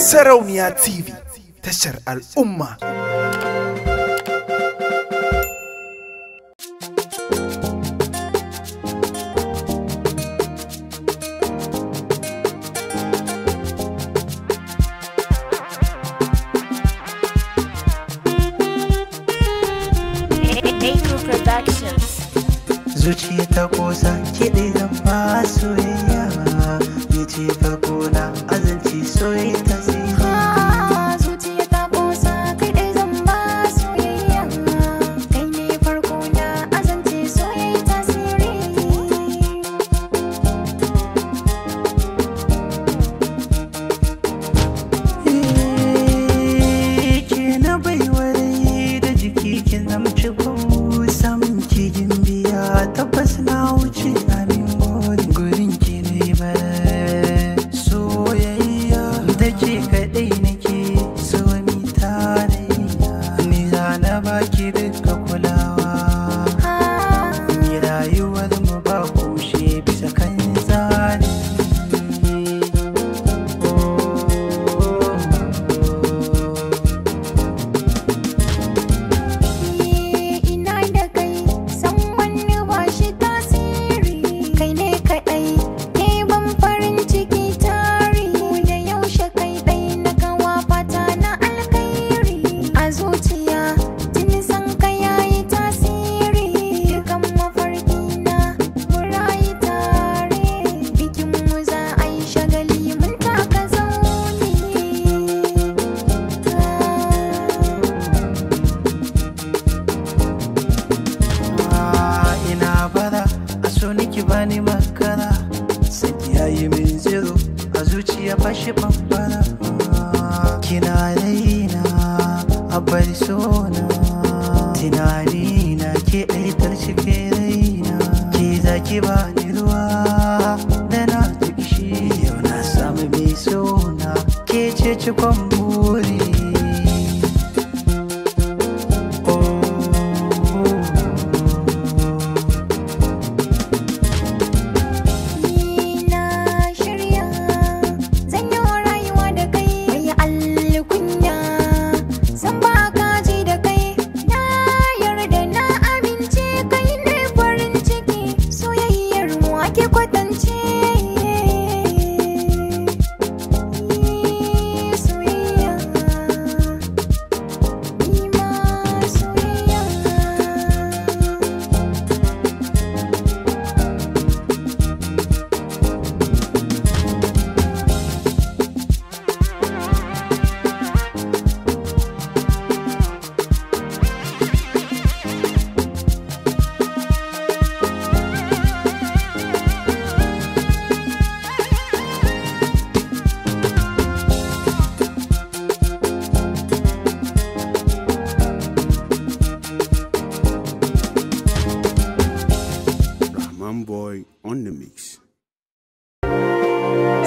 Sarauniya TV tashar al'umma. Zuciya ta kosa da masoyayya, ni ce farko na azanci soyayya. number two. ni makara saki yayi min zero a zuciya fashe bambara kina raina a bar sona tunani ke ɗaitar cike raina ke zaki ba ni ruwa da na na mai sona ke ce